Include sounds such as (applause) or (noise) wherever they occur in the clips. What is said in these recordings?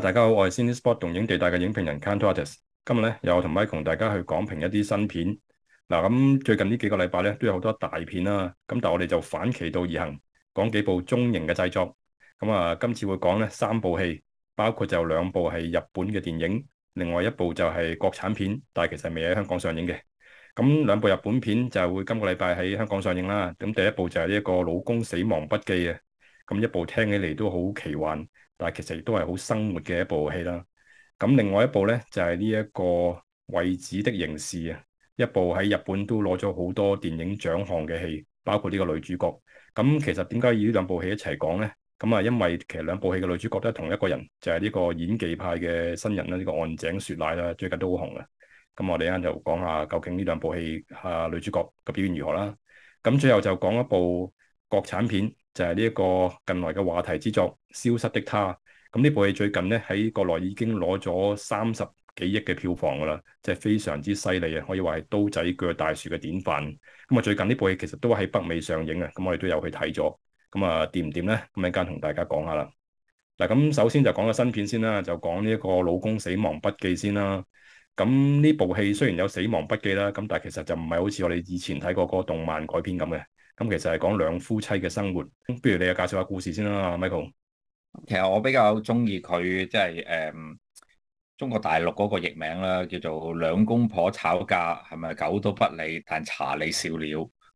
大家好，我係 Cinespot 動影地帶嘅影評人 Kantorates，今日咧，又同 Michael 同大家去講評一啲新片。嗱、啊，咁最近呢幾個禮拜咧都有好多大片啦，咁但係我哋就反其道而行，講幾部中型嘅製作。咁啊，今次會講咧三部戲，包括就兩部係日本嘅電影，另外一部就係國產片，但係其實未喺香港上映嘅。咁兩部日本片就會今個禮拜喺香港上映啦。咁第一部就係呢一個《老公死亡筆記》啊，咁一部聽起嚟都好奇幻。但其實亦都係好生活嘅一部戲啦。咁另外一部咧就係呢一個《惠子的凝視》啊，一部喺日本都攞咗好多電影獎項嘅戲，包括呢個女主角。咁其實點解要呢兩部戲一齊講咧？咁啊，因為其實兩部戲嘅女主角都係同一個人，就係、是、呢個演技派嘅新人啦，呢、這個岸井雪乃啦，最近都好紅嘅。咁我哋一陣就講下究竟呢兩部戲啊女主角嘅表現如何啦。咁最後就講一部國產片。就係呢一個近來嘅話題之作《消失的她》。咁呢部戲最近咧喺國內已經攞咗三十幾億嘅票房㗎喇，即係非常之犀利啊！可以話係刀仔鋸大樹嘅典範。咁啊，最近呢部戲其實都喺北美上映啊。咁我哋都有去睇咗。咁啊，掂唔掂咧？咁一陣間同大家講下啦。嗱，咁首先就講個新片先啦，就講呢一個《老公死亡筆記》先啦。咁呢部戲雖然有死亡筆記啦，咁但係其實就唔係好似我哋以前睇過嗰個動漫改編咁嘅。咁其實係講兩夫妻嘅生活，不如你又介紹下故事先啦，Michael。其實我比較中意佢即係誒，中國大陸嗰個譯名啦，叫做《兩公婆吵架係咪狗都不理但查理笑了》，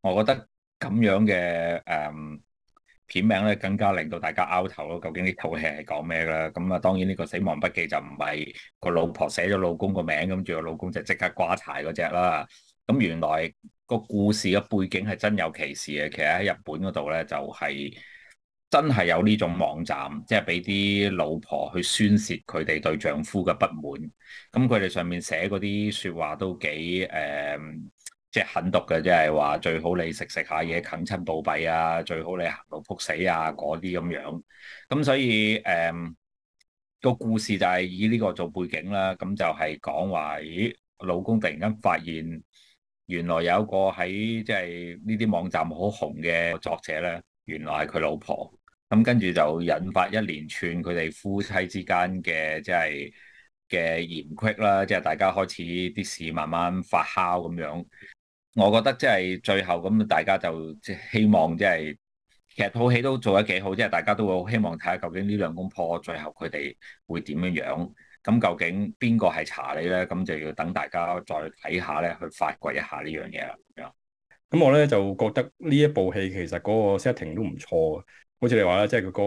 我覺得咁樣嘅誒、嗯、片名咧，更加令到大家拗頭咯。究竟戲，呢套戲係講咩啦？咁啊，當然呢個《死亡筆記》就唔係個老婆寫咗老公個名，咁住個老公就即刻瓜柴嗰隻啦。咁原來。個故事嘅背景係真有其事嘅，其實喺日本嗰度咧就係真係有呢種網站，即係俾啲老婆去宣洩佢哋對丈夫嘅不滿。咁佢哋上面寫嗰啲説話都幾誒、呃，即係狠毒嘅，即係話最好你食食下嘢啃親暴斃啊，最好你行路撲死啊嗰啲咁樣。咁所以誒個、呃、故事就係以呢個做背景啦，咁就係講話咦老公突然間發現。原來有一個喺即係呢啲網站好紅嘅作者咧，原來係佢老婆。咁跟住就引發一連串佢哋夫妻之間嘅即係嘅嫌隙啦，即係大家開始啲事慢慢發酵咁樣。我覺得即係最後咁，大家就即係希望即係，其實套戲都做得幾好，即係大家都好希望睇下究竟呢兩公婆最後佢哋會點樣樣。咁究竟邊個係查理咧？咁就要等大家再睇下咧，去發掘一下呢樣嘢啦。咁樣，咁我咧就覺得呢一部戲其實嗰個 setting 都唔錯，好似你話啦，即係佢個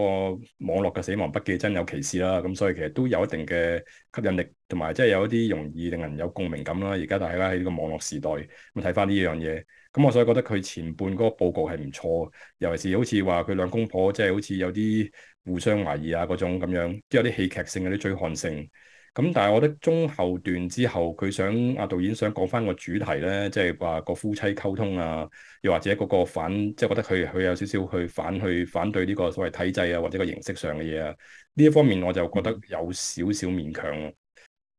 網絡嘅死亡筆記真有其事啦。咁所以其實都有一定嘅吸引力，同埋即係有一啲容易令人有共鳴感啦。而家大家喺呢個網絡時代，咁睇翻呢樣嘢。咁我所以覺得佢前半嗰個報告係唔錯，尤其是好似話佢兩公婆即係好似有啲互相懷疑啊嗰種咁樣，即有啲戲劇性，有啲追看性。咁但係我覺得中後段之後佢想阿導演想講翻個主題咧，即係話個夫妻溝通啊，又或者嗰個反，即係覺得佢佢有少少去反去反對呢個所謂體制啊，或者個形式上嘅嘢啊。呢一方面我就覺得有少少勉強。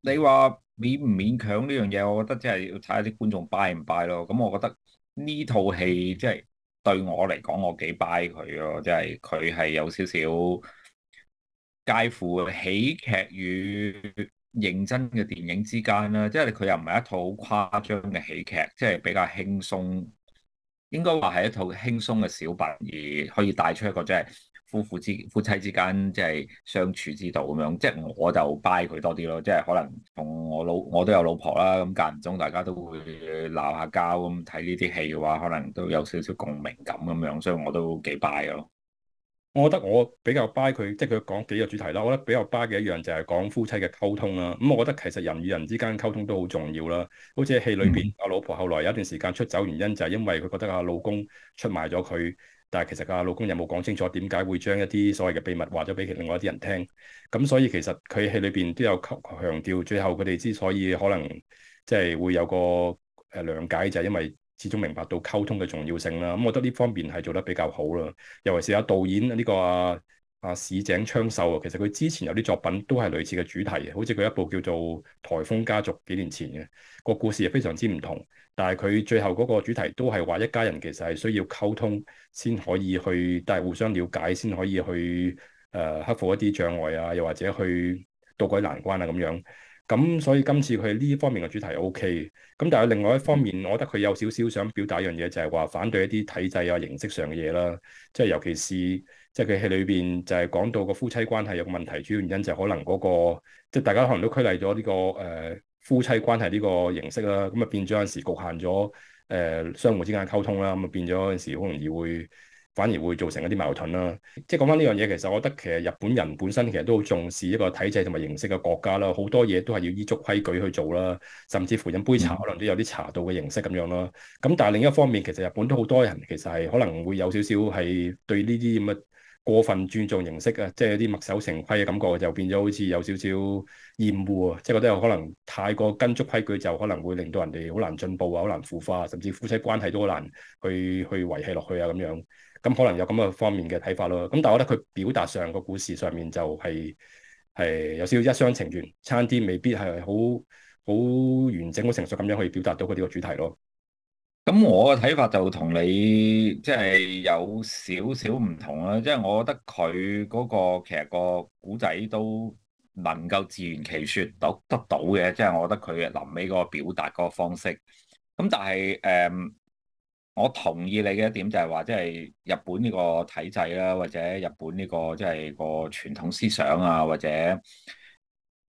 你話勉唔勉強呢樣嘢？我覺得即係要睇下啲觀眾拜唔拜咯。咁我覺得。呢套戲即係對我嚟講，我幾 by 佢咯，即係佢係有少少介乎喜劇與認真嘅電影之間啦。即係佢又唔係一套好誇張嘅喜劇，即係比較輕鬆，應該話係一套輕鬆嘅小品，而可以帶出一個即係。夫婦之夫妻之間即係相處之道咁樣，即係我就 buy 佢多啲咯。即係可能同我老我都有老婆啦，咁間唔中大家都會鬧下交咁。睇呢啲戲嘅話，可能都有少少共鳴感咁樣，所以我都幾 buy 嘅咯。我覺得我比較 buy 佢，即係佢講幾個主題啦。我覺得比較 buy 嘅一樣就係講夫妻嘅溝通啦。咁，嗯，我覺得其實人與人之間溝通都好重要啦。好似喺戲裏邊，嗯，我老婆後來有一段時間出走，原因就係因為佢覺得啊老公出賣咗佢。但係其實阿老公有冇講清楚點解會將一啲所謂嘅秘密話咗俾其另外一啲人聽？咁所以其實佢喺裏邊都有強調，最後佢哋之所以可能即係會有個誒諒解，就係因為始終明白到溝通嘅重要性啦。咁我覺得呢方面係做得比較好啦，尤其是阿導演呢個啊。啊！市井昌秀啊，其實佢之前有啲作品都係類似嘅主題嘅，好似佢一部叫做《颱風家族》幾年前嘅個故事，係非常之唔同。但係佢最後嗰個主題都係話，一家人其實係需要溝通先可以去，但係互相了解先可以去誒、呃、克服一啲障礙啊，又或者去渡過一啲難關啊咁樣。咁所以今次佢呢方面嘅主題 OK。咁但係另外一方面，我覺得佢有少少想表達一樣嘢，就係、是、話反對一啲體制啊、形式上嘅嘢啦，即係尤其是。即係佢喺裏邊就係講到個夫妻關係有個問題，主要原因就可能嗰、那個即係大家可能都拘泥咗呢個誒、呃、夫妻關係呢個形式啦，咁啊變咗有陣時局限咗誒、呃、相互之間嘅溝通啦，咁啊變咗有陣時好容易會反而會造成一啲矛盾啦、啊。即係講翻呢樣嘢，其實我覺得其實日本人本身其實都好重視一個體制同埋形式嘅國家啦，好多嘢都係要依足規矩去做啦，甚至乎飲杯茶可能都有啲茶道嘅形式咁樣啦。咁、啊、 (music) 但係另一方面，其實日本都好多人其實係可能會有少少係對呢啲咁嘅。過分尊重形式啊，即係有啲墨守成規嘅感覺，就變咗好似有少少厭惡啊，即係覺得有可能太過跟足規矩，就可能會令到人哋好難進步啊，好難腐化，甚至夫妻關係都好難去去維係落去啊咁樣。咁可能有咁嘅方面嘅睇法咯。咁但係我覺得佢表達上個故事上面就係、係、係有少少一廂情願，差啲未必係好好完整、好成熟咁樣去表達到佢呢個主題咯。咁我嘅睇法就同你即係有少少唔同啦，即係我覺得佢嗰個其實個古仔都能夠自圓其說得到嘅，即係我覺得佢嘅臨尾嗰個表達嗰個方式。咁但係誒，我同意你嘅一點就係話，即係日本呢個體制啦，或者日本呢個即係個傳統思想啊，或者。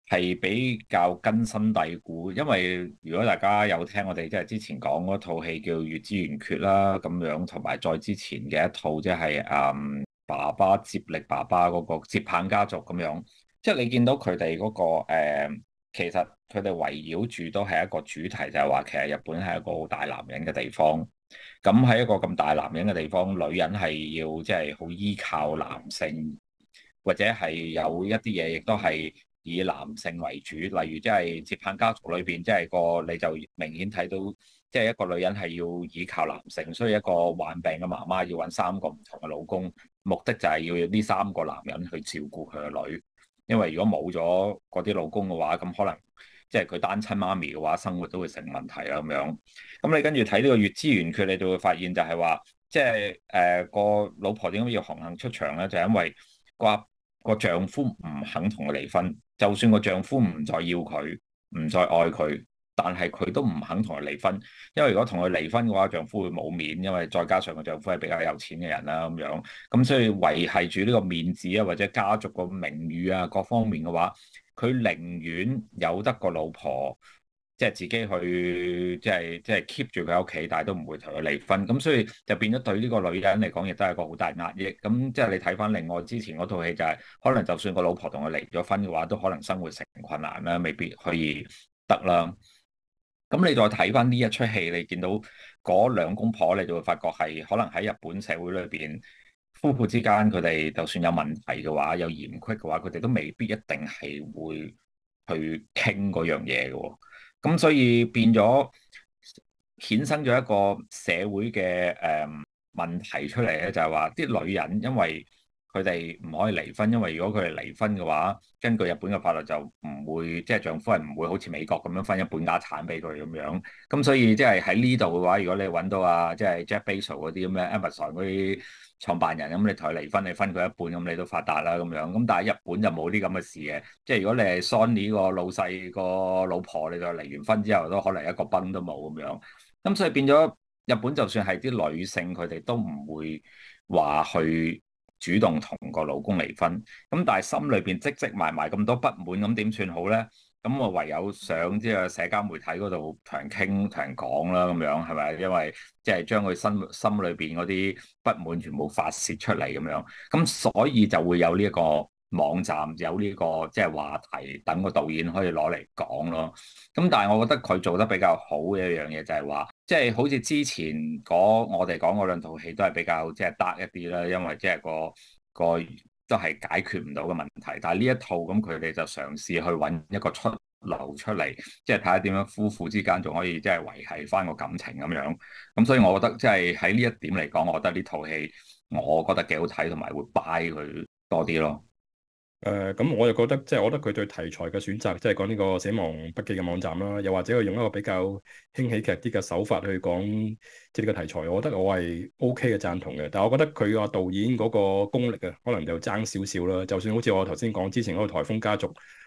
係比較根深蒂固，因為如果大家有聽我哋即係之前講嗰套戲叫《月之圓缺》啦，咁樣同埋再之前嘅一套即係誒爸爸接力爸爸嗰個接棒家族咁樣，即係你見到佢哋嗰個誒、呃，其實佢哋圍繞住都係一個主題，就係話其實日本係一個好大男人嘅地方。咁喺一個咁大男人嘅地方，女人係要即係好依靠男性，或者係有一啲嘢亦都係。以男性為主，例如即係接棒家族裏邊，即係個你就明顯睇到，即係一個女人係要倚靠男性，所以一個患病嘅媽媽要揾三個唔同嘅老公，目的就係要呢三個男人去照顧佢嘅女，因為如果冇咗嗰啲老公嘅話，咁可能即係佢單親媽咪嘅話，生活都會成問題啦咁樣。咁你跟住睇呢個《月之圓缺》，佢你就會發現就係話，即係誒個老婆點解要紅杏出場呢？就係因為掛、那個。個丈夫唔肯同佢離婚，就算個丈夫唔再要佢，唔再愛佢，但係佢都唔肯同佢離婚。因為如果同佢離婚嘅話，丈夫會冇面，因為再加上個丈夫係比較有錢嘅人啦咁樣，咁所以維繫住呢個面子啊，或者家族個名譽啊，各方面嘅話，佢寧願有得個老婆。即係自己去，即係即係 keep 住佢屋企，但係都唔會同佢離婚。咁所以就變咗對呢個女人嚟講，亦都係一個好大壓抑。咁即係你睇翻另外之前嗰套戲，就係，就係可能就算個老婆同佢離咗婚嘅話，都可能生活成困難啦，未必可以得啦。咁你再睇翻呢一出戲，你見到嗰兩公婆，你就會發覺係可能喺日本社會裏邊，夫婦之間佢哋就算有問題嘅話，有嫌隙嘅話，佢哋都未必一定係會去傾嗰樣嘢嘅。咁所以變咗衍生咗一個社會嘅誒問題出嚟咧，就係話啲女人因為，佢哋唔可以離婚，因為如果佢哋離婚嘅話，根據日本嘅法律就唔會，即係丈夫係唔會好似美國咁樣分一半家產俾佢咁樣。咁所以即係喺呢度嘅話，如果你揾到啊，即係 Jack Bezos 嗰啲咁樣，Amazon 嗰啲創辦人咁，你同佢離婚，你分佢一半，咁你都發達啦咁樣。咁但係日本就冇啲咁嘅事嘅。即係如果你係 Sony 個老細個老婆，你就離完婚之後都可能一個崩都冇咁樣。咁所以變咗日本就算係啲女性，佢哋都唔會話去。主動同個老公離婚，咁但係心裏邊積積埋埋咁多不滿，咁點算好咧？咁我唯有上即係社交媒體嗰度同人傾同人講啦，咁樣係咪？因為即係將佢心心裏邊嗰啲不滿全部發泄出嚟咁樣，咁所以就會有呢個網站，有呢個即係話題，等個導演可以攞嚟講咯。咁但係我覺得佢做得比較好嘅一樣嘢就係話。即係好似之前我哋講嗰兩套戲都係比較即係得一啲啦，因為即係個個都係解決唔到嘅問題。但係呢一套咁，佢哋就嘗試去揾一個出路出嚟，即係睇下點樣夫婦之間仲可以即係維繫翻個感情咁樣。咁所以我覺得即係喺呢一點嚟講，我覺得呢套戲我覺得幾好睇，同埋會 buy 佢多啲咯。誒咁，呃、我又覺得即係，就是、我覺得佢對題材嘅選擇，即係講呢個《死亡筆記》嘅網站啦，又或者佢用一個比較輕喜劇啲嘅手法去講即係呢個題材，我覺得我係 OK 嘅，贊同嘅。但係我覺得佢個導演嗰個功力啊，可能就爭少少啦。就算好似我頭先講之前嗰個《台風家族》，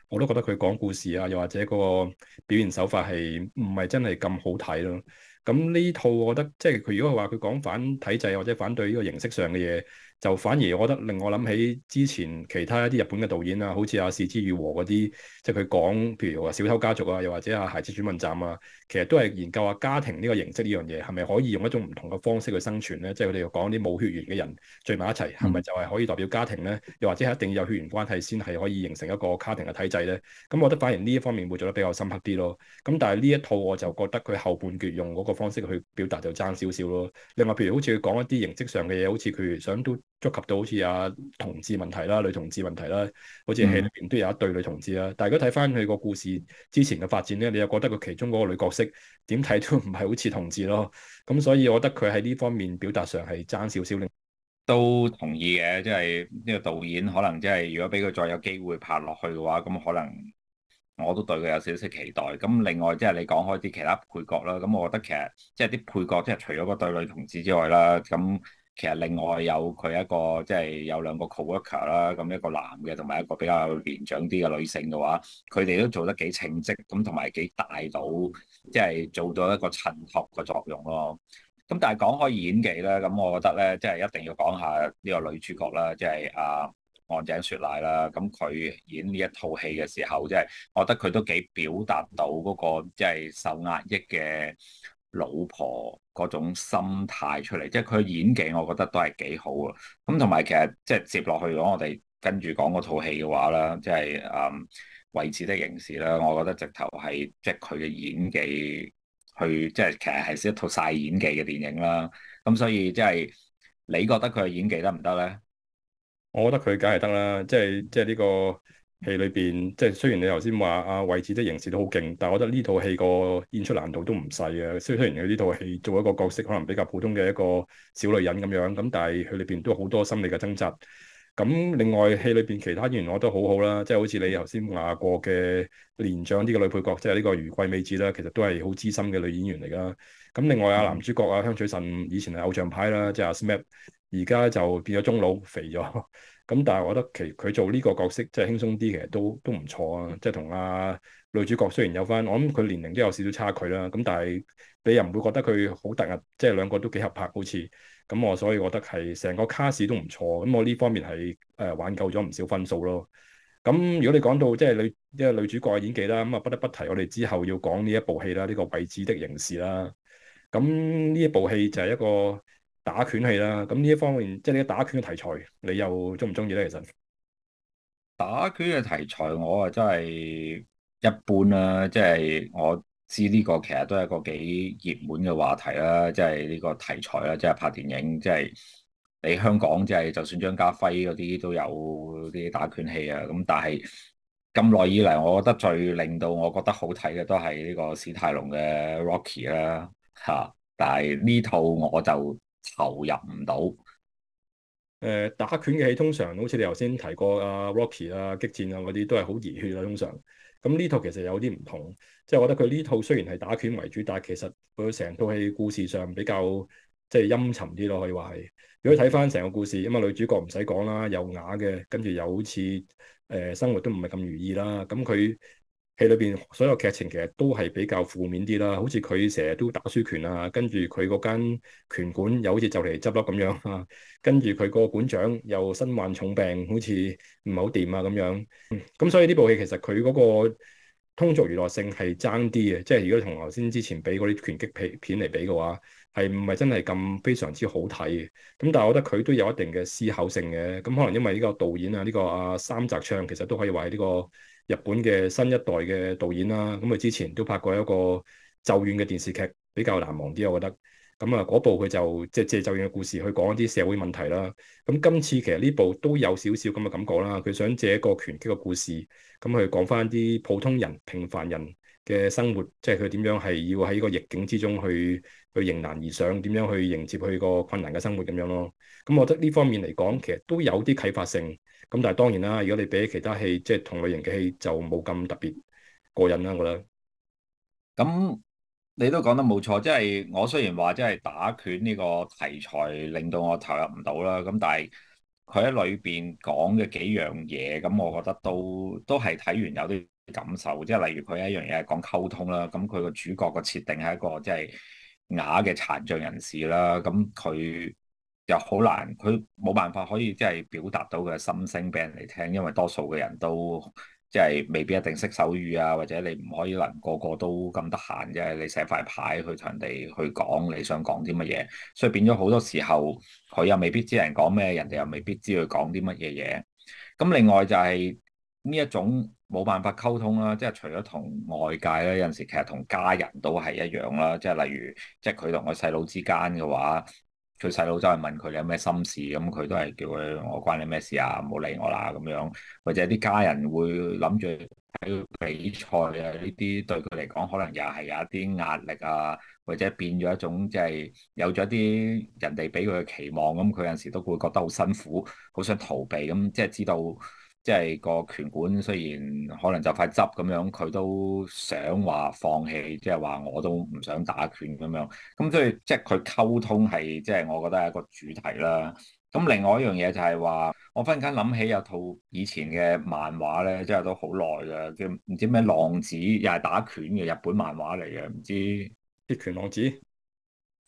我都覺得佢講故事啊，又或者嗰個表現手法係唔係真係咁好睇咯？咁呢套我覺得即係佢如果係話佢講反體制或者反對呢個形式上嘅嘢。就反而，我覺得令我諗起之前其他一啲日本嘅導演啊，好似阿是枝裕和嗰啲，即係佢講，譬如話小偷家族啊，又或者阿孩子轉運站啊，其實都係研究下家庭呢個形式呢樣嘢，係咪可以用一種唔同嘅方式去生存呢？即係佢哋又講啲冇血緣嘅人聚埋一齊，係咪就係可以代表家庭呢？又或者係一定要有血緣關係先係可以形成一個家庭嘅體制呢？咁我覺得反而呢一方面會做得比較深刻啲咯。咁但係呢一套我就覺得佢後半截用嗰個方式去表達就爭少少咯。另外，譬如好似佢講一啲形式上嘅嘢，好似佢想都。觸及到好似啊同志問題啦，女同志問題啦，好似戲裏邊都有一對女同志啦。嗯、但係如果睇翻佢個故事之前嘅發展咧，你又覺得佢其中嗰個女角色點睇都唔係好似同志咯。咁所以我覺得佢喺呢方面表達上係爭少少。都同意嘅，即係呢個導演可能即係如果俾佢再有機會拍落去嘅話，咁可能我都對佢有少少期待。咁另外即係你講開啲其他配角啦，咁我覺得其實即係啲配角即係除咗個對女同志之外啦，咁。其實另外有佢一個即係、就是、有兩個 co-worker 啦，咁一個男嘅同埋一個比較年長啲嘅女性嘅話，佢哋都做得幾稱職咁，同埋幾大到即係、就是、做到一個襯托嘅作用咯。咁但係講開演技咧，咁我覺得咧即係一定要講下呢個女主角啦，即係阿岸井雪乃啦，咁佢演呢一套戲嘅時候，即、就、係、是、我覺得佢都幾表達到嗰、那個即係、就是、受壓抑嘅老婆嗰種心態出嚟，即係佢演技我我，就是嗯，我覺得都係幾好啊。咁同埋其實即係接落去講，我哋跟住講嗰套戲嘅話啦，即係嗯《惠子的凝視》啦，我覺得直頭係即係佢嘅演技去，即係其實係一套晒演技嘅電影啦。咁所以即係你覺得佢嘅演技得唔得咧？我覺得佢梗係得啦，即係即係呢個。戲裏邊即係雖然你頭先話阿惠子的凝視都好勁，但係我覺得呢套戲個演出難度都唔細啊。雖雖然佢呢套戲做一個角色可能比較普通嘅一個小女人咁樣，咁但係佢裏邊都好多心理嘅掙扎。咁另外戲裏邊其他演員我都好好啦，即係好似你頭先話過嘅年長啲嘅、這個、女配角，即係呢個余桂美子啦，其實都係好資深嘅女演員嚟噶。咁另外啊，嗯、男主角啊香取慎吾以前係偶像派啦，即係阿 SMAP，而家就變咗中老肥咗。咁但係我覺得其佢做呢個角色即係輕鬆啲，其實都都唔錯啊！即係同啊女主角雖然有翻，我諗佢年齡都有少少差距啦。咁但係你又唔會覺得佢好突兀，即係兩個都幾合拍好似。咁我所以覺得係成個卡士都唔錯。咁我呢方面係誒挽救咗唔少分數咯。咁如果你講到即係女即係女主角嘅演技啦，咁啊不得不提我哋之後要講呢一部戲啦，呢、這個《惠子的凝視》啦。咁呢一部戲就係一個打拳戲啦，咁呢一方面即係呢個打拳嘅題材，你又中唔中意咧？其實打拳嘅題材，我啊真係一般啦，即係我知呢個其實都係一個幾熱門嘅話題啦，即係呢個題材啦，即係拍電影，即係你香港，即係就算張家輝嗰啲都有啲打拳戲啊。咁但係咁耐以嚟，我覺得最令到我覺得好睇嘅都係呢個史泰龍嘅 Rocky 啦嚇，但係呢套我就～投入唔到，誒、呃，打拳嘅戲通常好似你頭先提過阿、啊、Rocky 啊、激戰啊嗰啲都係好熱血啊。通常，咁、嗯、呢、嗯、套其實有啲唔同，即、就、係、是、我覺得佢呢套雖然係打拳為主，但係其實佢成套戲故事上比較即係陰沉啲咯。可以話係，如果睇返成個故事，因為女主角唔使講啦，又啞嘅，跟住又好似誒生活都唔係咁如意啦，咁佢。戲裏邊所有劇情其實都係比較負面啲啦，好似佢成日都打輸拳啊，跟住佢嗰間拳館又好似就嚟執笠咁樣啊，跟住佢個館長又身患重病，好似唔係好掂啊咁樣。咁、嗯、所以呢部戲其實佢嗰個通俗娛樂性係爭啲嘅，即係如果同頭先之前俾嗰啲拳擊片嚟比嘅話，係唔係真係咁非常之好睇嘅。咁但係我覺得佢都有一定嘅思考性嘅，咁可能因為呢個導演啊，呢、這個阿、啊、三宅唱其實都可以話係呢個。日本嘅新一代嘅導演啦，咁佢之前都拍過一個《咒怨》嘅電視劇，比較難忘啲，我覺得。咁啊，嗰部佢就即係借《咒怨》嘅故事去講一啲社會問題啦。咁今次其實呢部都有少少咁嘅感覺啦。佢想借一個拳擊嘅故事，咁去講返啲普通人、平凡人嘅生活，即係佢點樣係要喺呢個逆境之中去去迎難而上，點樣去迎接佢個困難嘅生活咁樣咯。咁我覺得呢方面嚟講，其實都有啲啟發性。咁但係當然啦，如果你比起其他戲，即係同類型嘅戲，就冇咁特別過癮啦。我覺得。咁你都講得冇錯，即係我雖然話即係打拳呢個題材令到我投入唔到啦，咁但係佢喺裏邊講嘅幾樣嘢，咁我覺得都都係睇完有啲感受，即係例如佢一樣嘢係講溝通啦，咁佢個主角個設定係一個即係啞嘅殘障人士啦，咁佢。又好難，佢冇辦法可以即係表達到佢嘅心聲俾人嚟聽，因為多數嘅人都即係未必一定識手語啊，或者你唔可以能個個都咁得閒啫。你寫塊牌去同人哋去講你想講啲乜嘢，所以變咗好多時候佢又未必知人講咩，人哋又未必知佢講啲乜嘢嘢。咁另外就係、是、呢一種冇辦法溝通啦、啊，即係除咗同外界咧、啊，有陣時其實同家人都係一樣啦、啊。即係例如即係佢同個細佬之間嘅話。佢細佬就係問佢你有咩心事，咁佢都係叫佢我關你咩事啊，唔好理我啦咁樣，或者啲家人會諗住睇比賽啊呢啲對佢嚟講可能又係有一啲壓力啊，或者變咗一種即係、就是、有咗啲人哋俾佢嘅期望，咁佢有陣時都會覺得好辛苦，好想逃避，咁即係知道。即係個拳館雖然可能就快執咁樣，佢都想話放棄，即係話我都唔想打拳咁樣。咁所以即係佢溝通係即係我覺得係一個主題啦。咁另外一樣嘢就係話，我忽然間諗起有套以前嘅漫畫咧，即係都好耐嘅，叫唔知咩浪子，又係打拳嘅日本漫畫嚟嘅，唔知鐵拳浪子。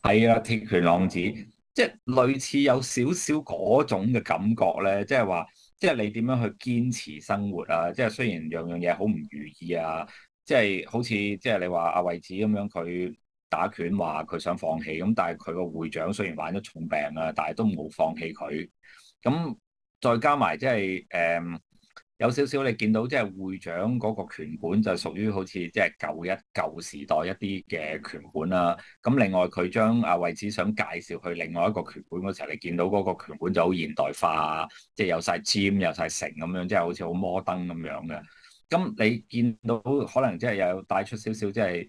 係啊，鐵拳浪子，即係類似有少少嗰種嘅感覺咧，即係話。即係你點樣去堅持生活啊？即係雖然樣樣嘢好唔如意啊，即係好似即係你話阿惠子咁樣，佢打拳話佢想放棄，咁但係佢個會長雖然患咗重病啊，但係都冇放棄佢。咁再加埋即係誒。嗯有少少你見到即係會長嗰個拳館就屬於好似即係舊一舊時代一啲嘅拳館啦。咁另外佢將阿惠子想介紹去另外一個拳館嗰時候，你見到嗰個拳館就好現代化，即係有晒尖有晒成咁樣，即係好似好摩登咁樣嘅。咁你見到可能即係又有帶出少少即係。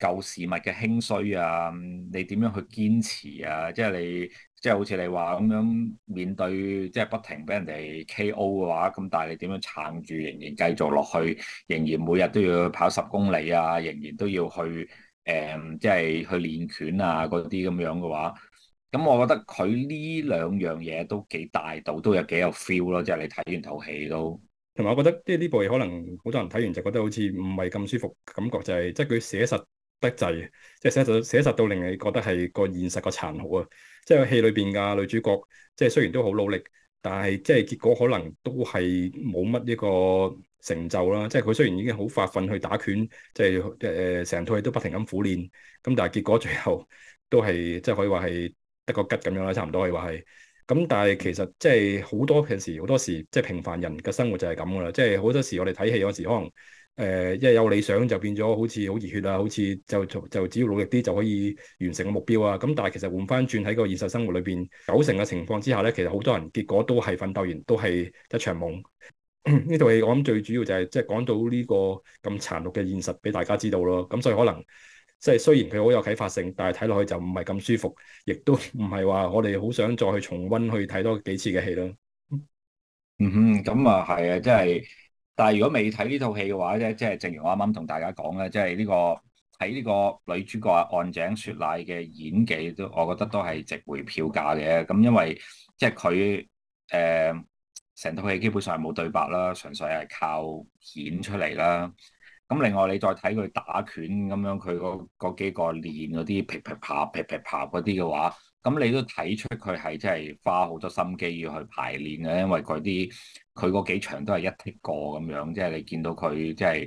舊事物嘅興衰啊，你點樣去堅持啊？即係你即係好似你話咁樣面對，即係不停俾人哋 K.O. 嘅話，咁但係你點樣撐住，仍然繼續落去，仍然每日都要跑十公里啊，仍然都要去誒、嗯，即係去練拳啊嗰啲咁樣嘅話，咁我覺得佢呢兩樣嘢都幾大度，都有幾有 feel 咯。即係你睇完套戲都，同埋我覺得即係呢部戲可能好多人睇完就覺得好似唔係咁舒服感覺，就係即係佢寫實得滯，即係寫實到寫實到令你覺得係個現實個殘酷啊！即係戲裏邊噶女主角，即係雖然都好努力，但係即係結果可能都係冇乜呢個成就啦。即係佢雖然已經好發奮去打拳，即係誒成套戲都不停咁苦練，咁但係結果最後都係即係可以話係得個吉咁樣啦，差唔多可以話係。咁但係其實即係好多平時好多時，多時即係平凡人嘅生活就係咁噶啦。即係好多時我哋睇戲嗰時可能。誒，一有理想就變咗好似好熱血啊，好似就就，就只要努力啲就可以完成個目標啊！咁但係其實換翻轉喺個現實生活裏邊，九成嘅情況之下呢，其實好多人結果都係奮鬥完都係一場夢。呢套戲我諗最主要就係即係講到呢個咁殘酷嘅現實俾大家知道咯。咁所以可能即係、就是、雖然佢好有啟發性，但係睇落去就唔係咁舒服，亦都唔係話我哋好想再去重温去睇多幾次嘅戲咯。嗯哼，咁啊係啊，真係。但係如果未睇呢套戲嘅話咧，即係正如我啱啱同大家講咧，即係呢個睇呢個女主角阿岸井雪乃嘅演技都，我覺得都係值回票價嘅。咁因為即係佢誒成套戲基本上係冇對白啦，純粹係靠演出嚟啦。咁另外你再睇佢打拳咁樣，佢嗰嗰幾個練嗰啲劈劈啪劈劈啪嗰啲嘅話，咁你都睇出佢係即係花好多心機要去排練嘅，因為佢啲。佢嗰幾場都係一踢過咁樣，即係你見到佢即係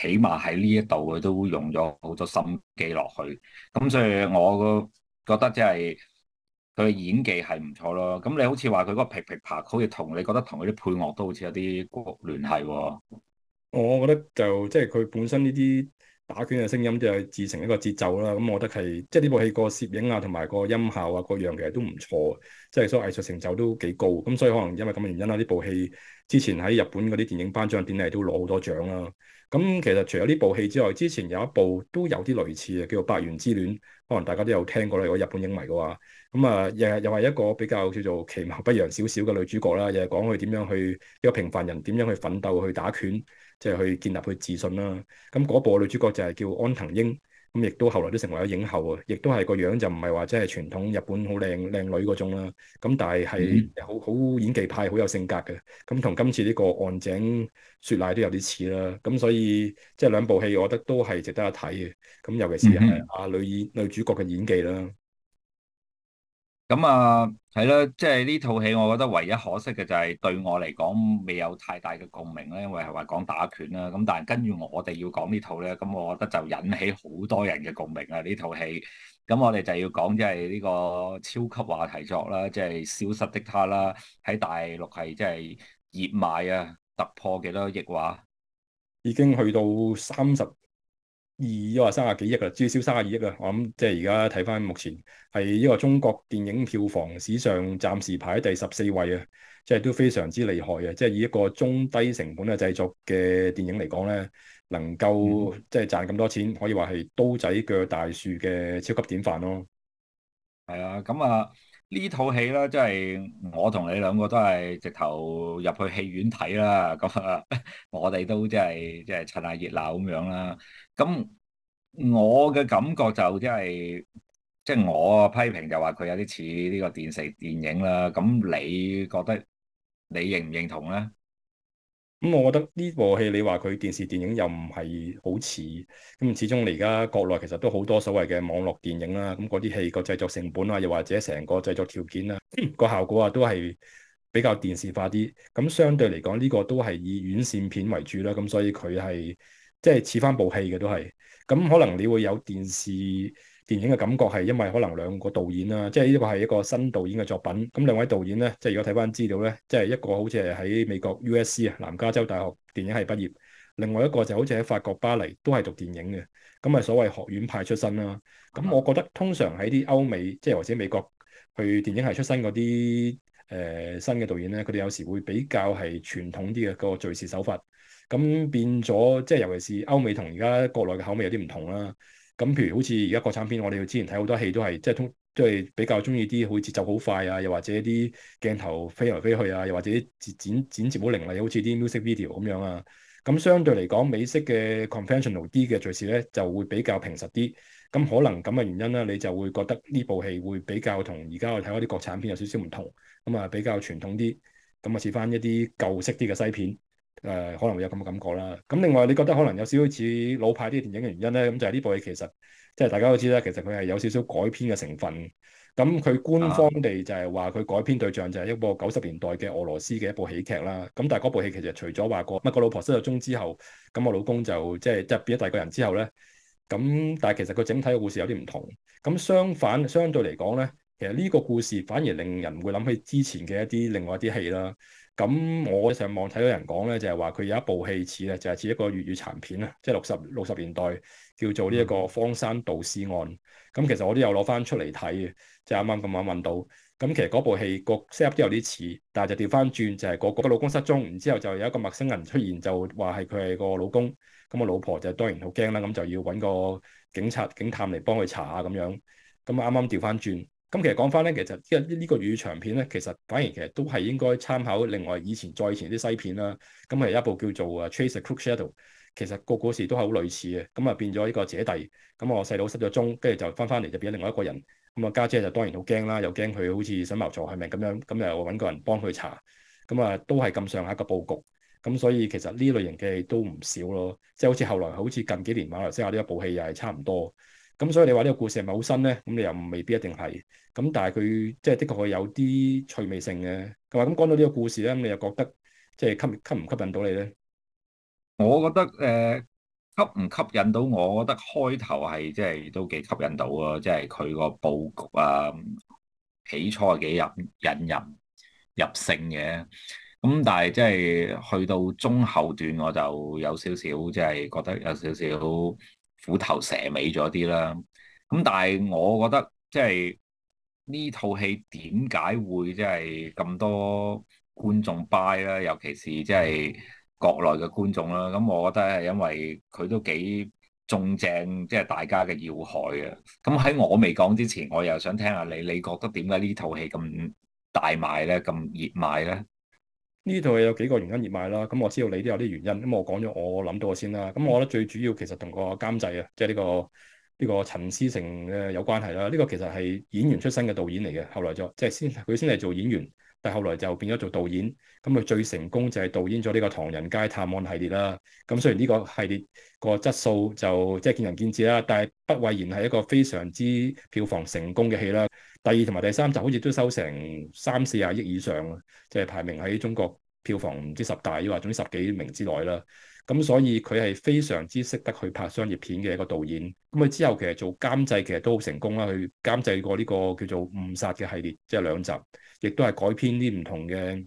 起碼喺呢一度佢都用咗好多心機落去。咁所以我覺得即係佢嘅演技係唔錯咯。咁你好似話佢嗰個劈劈啪，好似同你覺得同佢啲配樂都好似有啲聯繫喎。我覺得就即係佢本身呢啲打拳嘅聲音就自成一個節奏啦。咁我覺得係即係呢部戲個攝影啊同埋個音效啊各樣其實都唔錯。即係所以藝術成就都幾高，咁所以可能因為咁嘅原因啦，呢部戲之前喺日本嗰啲電影頒獎典禮都攞好多獎啦、啊。咁其實除咗呢部戲之外，之前有一部都有啲類似嘅，叫做《百元之戀》，可能大家都有聽過啦。如果日本影迷嘅話，咁啊，又又係一個比較叫做其貌不揚少少嘅女主角啦，又係講佢點樣去一、這個平凡人點樣去奮鬥去打拳，即、就、係、是、去建立佢自信啦。咁嗰部女主角就係叫安藤櫻。咁亦都後來都成為咗影后啊！亦都係個樣就唔係話即係傳統日本好靚靚女嗰種啦。咁但係係好好演技派，好有性格嘅。咁同今次呢個岸井雪乃都有啲似啦。咁所以即係、就是、兩部戲，我覺得都係值得一睇嘅。咁尤其是係阿女演女主角嘅演技啦。咁啊，係啦，即係呢套戲，我覺得唯一可惜嘅就係對我嚟講未有太大嘅共鳴啦，因為係話講打拳啦。咁但係跟住我哋要講呢套咧，咁我覺得就引起好多人嘅共鳴啊！呢套戲，咁我哋就要講即係呢個超級話題作啦，即係消失的她啦，喺大陸係即係熱賣啊，突破幾多億話、啊，已經去到三十二又話三十幾億啦，至少三十二億啦。我諗即係而家睇翻目前係呢個中國電影票房史上暫時排喺第十四位啊，即係都非常之厲害嘅。即係以一個中低成本嘅製作嘅電影嚟講咧，能夠即係賺咁多錢，嗯、可以話係刀仔鋸大樹嘅超級典範咯。係啊，咁啊呢套戲咧，即係我同你兩個都係直頭入去戲院睇啦。咁啊，我哋都即係即係趁下熱鬧咁樣啦。咁我嘅感覺就即係即係我批評就話佢有啲似呢個電視電影啦。咁你覺得你認唔認同咧？咁、嗯、我覺得呢部戲你話佢電視電影又唔係好似咁，始終你而家國內其實都好多所謂嘅網絡電影啦。咁嗰啲戲個製作成本啊，又或者成個製作條件啊，個、嗯嗯、效果啊，都係比較電視化啲。咁、嗯、相對嚟講，呢個都係以院線片為主啦。咁、嗯、所以佢係。即係似翻部戲嘅都係，咁可能你會有電視電影嘅感覺，係因為可能兩個導演啦，即係呢個係一個新導演嘅作品。咁兩位導演咧，即係如果睇翻資料咧，即係一個好似係喺美國 U.S.C 啊，南加州大學電影系畢業，另外一個就好似喺法國巴黎都係讀電影嘅，咁啊所謂學院派出身啦。咁我覺得通常喺啲歐美，即係或者美國去電影系出身嗰啲誒新嘅導演咧，佢哋有時會比較係傳統啲嘅個敘事手法。咁變咗，即係尤其是歐美同而家國內嘅口味有啲唔同啦，啊。咁譬如好似而家國產片，我哋之前睇好多戲都係即係通，都係比較中意啲，會節奏好快啊，又或者啲鏡頭飛來飛去啊，又或者剪剪剪接靈好靈又好似啲 music video 咁樣啊。咁相對嚟講，美式嘅 conventional 啲嘅敘事咧，就會比較平實啲。咁可能咁嘅原因啦，你就會覺得呢部戲會比較同而家我睇嗰啲國產片有少少唔同。咁啊，比較傳統啲，咁啊似翻一啲舊式啲嘅西片。誒、呃、可能會有咁嘅感覺啦。咁另外，你覺得可能有少少似老派啲電影嘅原因咧？咁就係呢部戲其實即係大家都知啦，其實佢係有少少改編嘅成分。咁佢官方地就係話佢改編對象就係一部九十年代嘅俄羅斯嘅一部喜劇啦。咁但係嗰部戲其實除咗話個咪個老婆失咗蹤之後，咁我老公就即係即係變咗第二個人之後咧。咁但係其實佢整體嘅故事有啲唔同。咁相反，相對嚟講咧。其實呢個故事反而令人會諗起之前嘅一啲另外一啲戲啦。咁我上網睇到人講咧，就係話佢有一部戲似咧，就係似一個粵語殘片啦，即係六十六十年代叫做呢一個《荒山盜屍案》。咁其實我都有攞翻出嚟睇嘅，即係啱啱咁樣問到。咁其實嗰部戲個 set 都有啲似，但係就調翻轉，就係個老公失蹤，然之後就有一個陌生人出現，就話係佢係個老公。咁我老婆就當然好驚啦，咁就要揾個警察警探嚟幫佢查下咁樣。咁啱啱調翻轉。咁其實講翻咧，其實呢、這個語、這個、長片咧，其實反而其實都係應該參考另外以前再以前啲西片啦。咁、嗯、有一部叫做《啊 Chase a Crooked、ok、Shadow》，其實個故事都係好類似嘅。咁、嗯、啊變咗呢個姐弟，咁、嗯、我細佬失咗蹤，跟住就翻翻嚟就變咗另外一個人。咁啊家姐就當然好驚啦，又驚佢好似想謀財害命咁樣。咁、嗯、又揾個人幫佢查。咁、嗯、啊都係咁上下嘅佈局。咁、嗯、所以其實呢類型嘅都唔少咯。即係好似後來好似近幾年馬來西亞呢一部戲又係差唔多。咁所以你話呢個故事係咪好新咧？咁你又未必一定係。咁但係佢即係的確係有啲趣味性嘅。佢話咁講到呢個故事咧，咁你又覺得即係吸吸唔吸引到你咧、呃？我覺得誒吸唔吸引到我，我覺得開頭係即係都幾吸引到啊！即係佢個佈局啊，起初係幾引引人入勝嘅。咁但係即係去到中後段我就有少少即係覺得有少少。虎頭蛇尾咗啲啦，咁但係我覺得即係呢套戲點解會即係咁多觀眾 buy 啦，尤其是即係國內嘅觀眾啦。咁我覺得係因為佢都幾中正，即係大家嘅要害啊。咁喺我未講之前，我又想聽下你，你覺得點解呢套戲咁大賣咧，咁熱賣咧？呢度係有幾個原因熱賣啦，咁、嗯、我知道你都有啲原因，咁、嗯、我講咗我諗到嘅先啦。咁、嗯嗯、我覺得最主要其實同個監製啊，即係呢個。呢個陳思成嘅有關係啦，呢、這個其實係演員出身嘅導演嚟嘅，後來就即係先佢先係做演員，但係後來就變咗做導演。咁佢最成功就係導演咗呢個《唐人街探案》系列啦。咁雖然呢個系列個質素就即係、就是、見仁見智啦，但係不諱言係一個非常之票房成功嘅戲啦。第二同埋第三集好似都收成三四廿億以上，即、就、係、是、排名喺中國票房唔知十大抑或總之十幾名之內啦。咁所以佢係非常之識得去拍商業片嘅一個導演。咁佢之後其實做監製其實都好成功啦，去監製過呢個叫做誤殺嘅系列，即係兩集，亦都係改編啲唔同嘅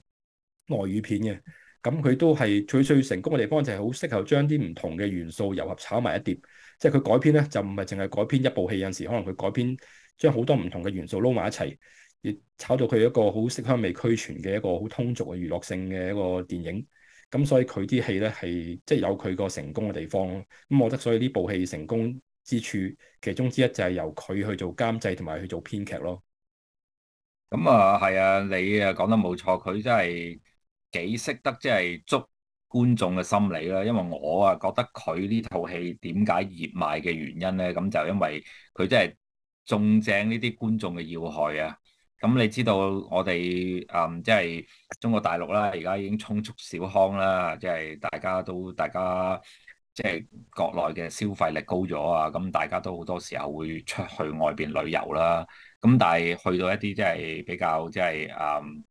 外語片嘅。咁佢都係最最成功嘅地方就係好適合將啲唔同嘅元素糅合炒埋一碟。即係佢改編咧，就唔係淨係改編一部戲，有陣時可能佢改編將好多唔同嘅元素撈埋一齊，亦炒到佢一個好色香味俱全嘅一個好通俗嘅娛樂性嘅一個電影。咁、嗯、所以佢啲戲咧係即係有佢個成功嘅地方咯。咁、嗯、我覺得所以呢部戲成功之處其中之一就係由佢去做監製同埋去做編劇咯。咁、嗯、啊係啊，你啊講得冇錯，佢真係幾識得即係捉觀眾嘅心理啦。因為我啊覺得佢呢套戲點解熱賣嘅原因咧，咁就因為佢真係中正呢啲觀眾嘅要害啊。咁你知道我哋誒即係中國大陸啦，而家已經充足小康啦，即係大家都大家即係國內嘅消費力高咗啊，咁大家都好多時候會出去外邊旅遊啦。咁但係去到一啲即係比較即係誒。嗯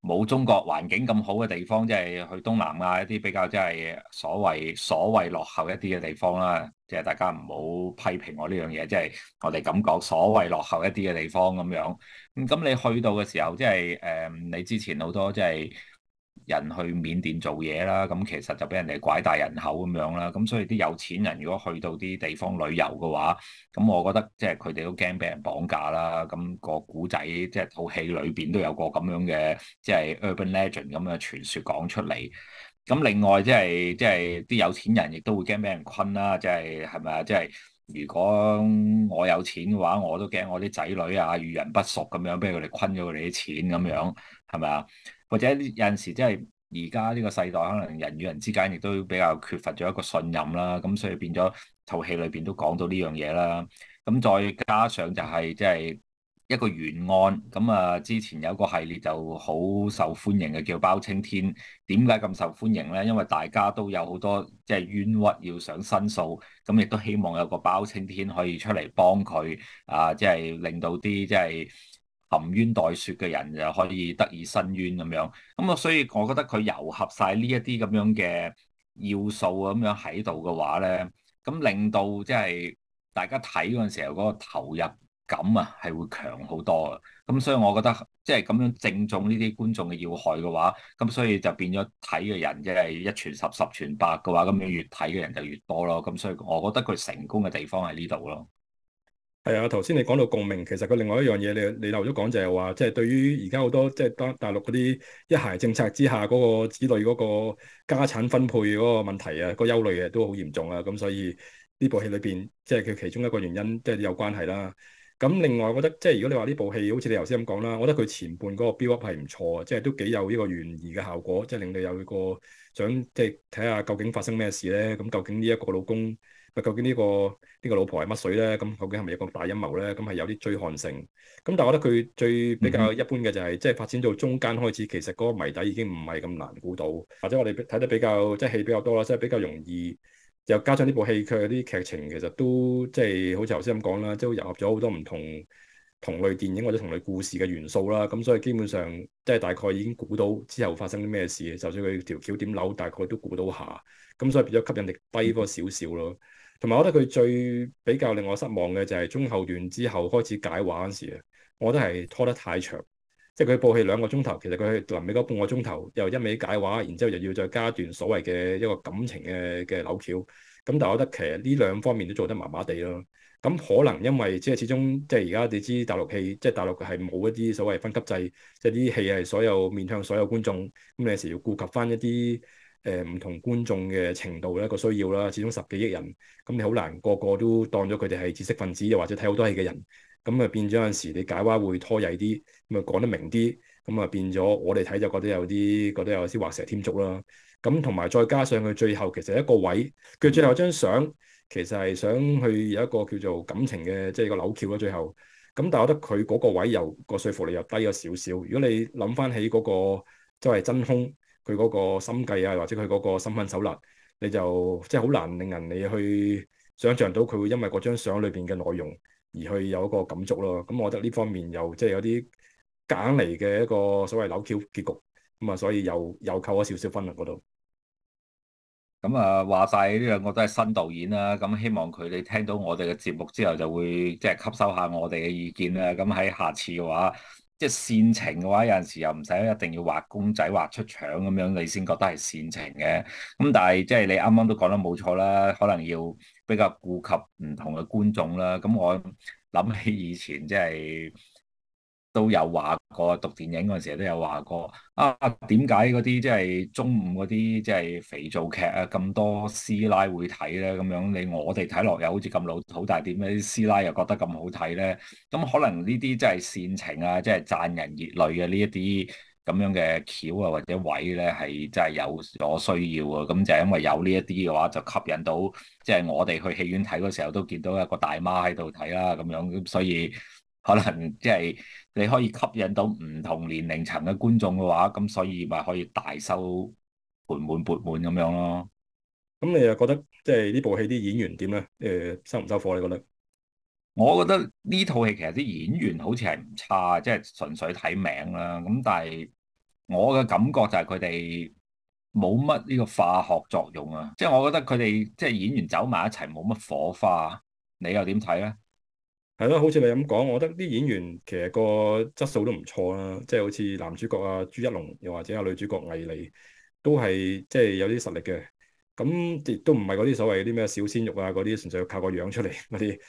冇中國環境咁好嘅地方，即係去東南亞一啲比較即係所謂所謂落後一啲嘅地方啦。即係大家唔好批評我呢樣嘢，即係我哋感覺所謂落後一啲嘅地方咁樣。咁你去到嘅時候，即係誒你之前好多即係。人去緬甸做嘢啦，咁其實就俾人哋拐帶人口咁樣啦，咁所以啲有錢人如果去到啲地方旅遊嘅話，咁我覺得即係佢哋都驚俾人綁架啦，咁、那個古仔即係套戲裏邊都有個咁樣嘅即係 urban legend 咁嘅傳說講出嚟。咁另外即係即係啲有錢人亦都會驚俾人昆啦，即係係咪啊？即係、就是、如果我有錢嘅話，我都驚我啲仔女啊遇人不淑咁樣俾佢哋昆咗佢哋啲錢咁樣，係咪啊？或者有陣時，即係而家呢個世代，可能人與人之間亦都比較缺乏咗一個信任啦。咁所以變咗套戲裏邊都講到呢樣嘢啦。咁再加上就係即係一個冤案。咁啊，之前有個系列就好受歡迎嘅，叫包青天。點解咁受歡迎咧？因為大家都有好多即係冤屈要想申訴，咁亦都希望有個包青天可以出嚟幫佢啊！即係令到啲即係。含冤待雪嘅人就可以得以伸冤咁樣，咁啊所以我覺得佢糅合晒呢一啲咁樣嘅要素啊，咁樣喺度嘅話咧，咁令到即係大家睇嗰陣時候嗰個投入感啊，係會強好多嘅。咁所以我覺得即係咁樣正中呢啲觀眾嘅要害嘅話，咁所以就變咗睇嘅人即係一傳十十傳百嘅話，咁樣越睇嘅人就越多咯。咁所以我覺得佢成功嘅地方喺呢度咯。係啊，頭先你講到共鳴，其實佢另外一樣嘢，你你漏咗講就係話，即係對於而家好多即係當大陸嗰啲一孩政策之下嗰個子女嗰個家產分配嗰個問題啊，個憂慮嘅都好嚴重啊，咁所以呢部戲裏邊即係佢其中一個原因即係有關係啦。咁另外我覺得即係如果你話呢部戲好似你頭先咁講啦，我覺得佢前半嗰個 build up 係唔錯，即係都幾有呢個懸疑嘅效果，即係令你有個想即係睇下究竟發生咩事咧。咁究竟呢一個老公？究竟呢個呢個老婆係乜水咧？咁究竟係咪一個大陰謀咧？咁係有啲追看性咁，但係我覺得佢最比較一般嘅就係、是嗯、即係發展到中間開始，其實嗰個謎底已經唔係咁難估到，或者我哋睇得比較即係戲比較多啦，即係比較容易又加上呢部戲佢啲劇情其實都即係好似頭先咁講啦，即係融合咗好多唔同不同，同類電影或者同類故事嘅元素啦。咁、嗯、所以基本上即係大概已經估到之後發生啲咩事，就算佢條橋點扭，大概都估到下咁，所以變咗吸引力低咗少少咯。嗯。同埋，我覺得佢最比較令我失望嘅就係中後段之後開始解畫嗰時啊，我都係拖得太長，即係佢部戲兩個鐘頭，其實佢臨尾嗰半個鐘頭又一味解畫，然之後又要再加段所謂嘅一個感情嘅嘅扭橋。咁但係我覺得其實呢兩方面都做得麻麻地咯。咁可能因為即係始終即係而家你知大陸戲，即係大陸係冇一啲所謂分級制，即係啲戲係所有面向所有觀眾，咁你有時要顧及翻一啲。誒唔、呃、同觀眾嘅程度呢個需要啦，始終十幾億人，咁你好難個個都當咗佢哋係知識分子，又或者睇好多戲嘅人，咁啊變咗有陣時你解話會拖曳啲，咁啊講得明啲，咁啊變咗我哋睇就覺得有啲覺得有啲畫蛇添足啦。咁同埋再加上佢最後其實一個位，佢最後張相其實係想去有一個叫做感情嘅即係個扭橋啦。最後，咁但係我覺得佢嗰個位又個說服力又低咗少少。如果你諗翻起嗰、那個即係、就是、真空。佢嗰個心計啊，或者佢嗰個心狠手辣，你就即係好難令人哋去想像到佢會因為嗰張相裏邊嘅內容而去有一個感觸咯。咁、嗯、我覺得呢方面又即係有啲硬嚟嘅一個所謂扭橋結局，咁、嗯、啊，所以又又扣咗少少分啊嗰度。咁啊，話晒呢兩個都係新導演啦。咁希望佢哋聽到我哋嘅節目之後，就會即係吸收下我哋嘅意見啊。咁喺下次嘅話。即係煽情嘅話，有陣時又唔使一定要畫公仔畫出場咁樣你先覺得係煽情嘅。咁但係即係你啱啱都講得冇錯啦，可能要比較顧及唔同嘅觀眾啦。咁我諗起以前即係都有話。個讀電影嗰陣時都有話過啊，點解嗰啲即係中午嗰啲即係肥皂劇啊，咁多師奶會睇咧？咁樣你我哋睇落又好似咁老土，但係點解師奶又覺得咁好睇咧？咁可能呢啲即係煽情啊，即係賺人熱淚嘅呢一啲咁樣嘅橋啊或者位咧，係真係有所需要啊。咁就係因為有呢一啲嘅話，就吸引到即係我哋去戲院睇嗰時候都見到一個大媽喺度睇啦。咁樣咁所以可能即係。你可以吸引到唔同年齡層嘅觀眾嘅話，咁所以咪可以大收盆滿缽滿咁樣咯。咁你又覺得即係呢部戲啲演員點咧？誒、呃，收唔收貨你覺得？我覺得呢套戲其實啲演員好似係唔差，即係純粹睇名啦。咁但係我嘅感覺就係佢哋冇乜呢個化學作用啊。即係我覺得佢哋即係演員走埋一齊冇乜火花。你又點睇咧？係咯，好似你咁講，我覺得啲演員其實個質素都唔錯啦。即係好似男主角啊朱一龍，又或者啊女主角倪妮，都係即係有啲實力嘅。咁亦都唔係嗰啲所謂啲咩小鮮肉啊嗰啲，純粹靠個樣出嚟嗰啲。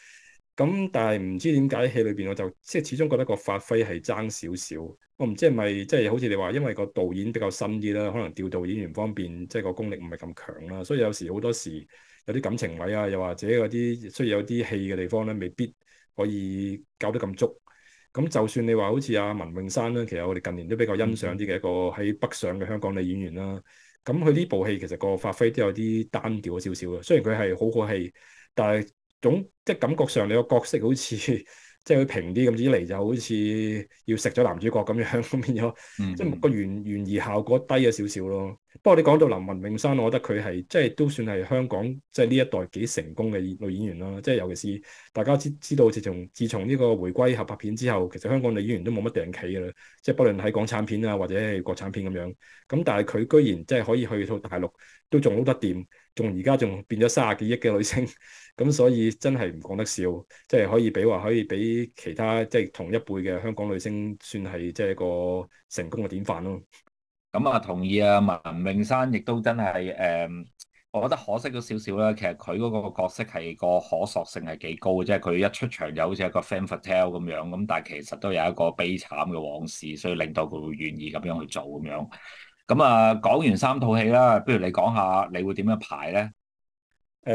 咁但係唔知點解戲裏邊我就即係始終覺得個發揮係爭少少。我唔知係咪即係好似你話，因為個導演比較新啲啦，可能調度演員方面即係個功力唔係咁強啦，所以有時好多時有啲感情位啊，又或者嗰啲需要有啲戲嘅地方咧，未必，可以搞得咁足，咁就算你話好似阿文詠珊啦，其實我哋近年都比較欣賞啲嘅一個喺北上嘅香港女演員啦。咁佢呢部戲其實個發揮都有啲單調咗少少嘅，雖然佢係好好戲，但係總即係感覺上你個角色好似即係佢平啲咁之嚟，一就好似要食咗男主角咁樣，變咗、嗯嗯、即係個懸懸疑效果低咗少少咯。不過你講到林文詠珊，我覺得佢係即係都算係香港即係呢一代幾成功嘅女演員啦，即係尤其是大家知知道自，自從自從呢個回歸合拍片之後，其實香港女演員都冇乜定企嘅啦，即係不論喺港產片啊或者係國產片咁樣，咁但係佢居然即係可以去到大陸都仲好得掂，仲而家仲變咗三十幾億嘅女星，咁 (laughs) 所以真係唔講得笑，即係可以比話可以比其他即係同一輩嘅香港女星，算係即係一個成功嘅典範咯。咁啊，同意啊，文詠珊亦都真係，誒、嗯，我覺得可惜咗少少啦。其實佢嗰個角色係個可塑性係幾高嘅，即係佢一出場就好似一個 femme fatale 咁樣，咁但係其實都有一個悲慘嘅往事，所以令到佢會願意咁樣去做咁樣。咁、嗯、啊，講完三套戲啦，不如你講下你會點樣排咧？誒、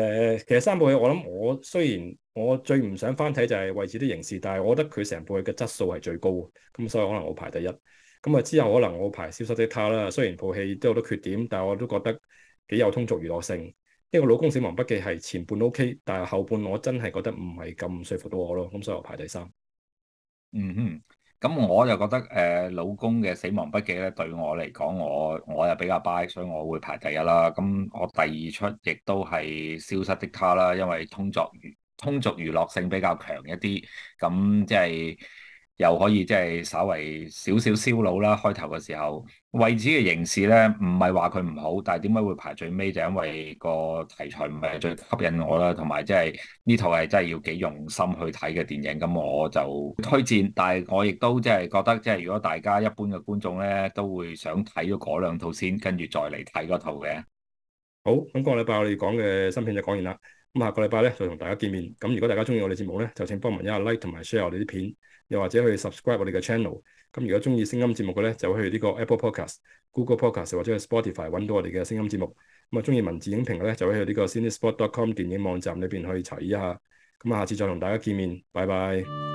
呃，其實三部戲我諗我雖然我最唔想翻睇就係惠子嘅凝視，但係我覺得佢成部戲嘅質素係最高，咁所以可能我排第一。咁啊之後可能我排消失的她啦，雖然套戲都有好多缺點，但係我都覺得幾有通俗娛樂性。因為我老公死亡筆記係前半都 OK，但係後半我真係覺得唔係咁説服到我咯。咁所以我排第三。嗯哼，咁我就覺得誒、呃、老公嘅死亡筆記咧對我嚟講，我我又比較 buy，所以我會排第一啦。咁我第二出亦都係消失的她啦，因為通俗通俗娛樂性比較強一啲，咁即係。又可以即係稍為少少燒腦啦，開頭嘅時候，位置嘅形式咧，唔係話佢唔好，但係點解會排最尾就因為個題材唔係最吸引我啦，同埋即係呢套係真係要幾用心去睇嘅電影，咁我就推薦。但係我亦都即係覺得，即係如果大家一般嘅觀眾咧，都會想睇咗嗰兩套先，跟住再嚟睇嗰套嘅。好，咁今個禮拜我哋講嘅新片就講完啦。咁下個禮拜咧，就同大家見面。咁如果大家中意我哋節目咧，就請幫忙一下 like 同埋 share 我哋啲片。又或者去 subscribe 我哋嘅 channel，咁如果中意聲音節目嘅咧，就會去呢個 Apple Podcast、Google Podcast 或者係 Spotify 揾到我哋嘅聲音節目。咁啊，中意文字影評嘅咧，就會去呢個 Cinespot.com 電影網站裏邊去查一下。咁下次再同大家見面，拜拜。 (noise)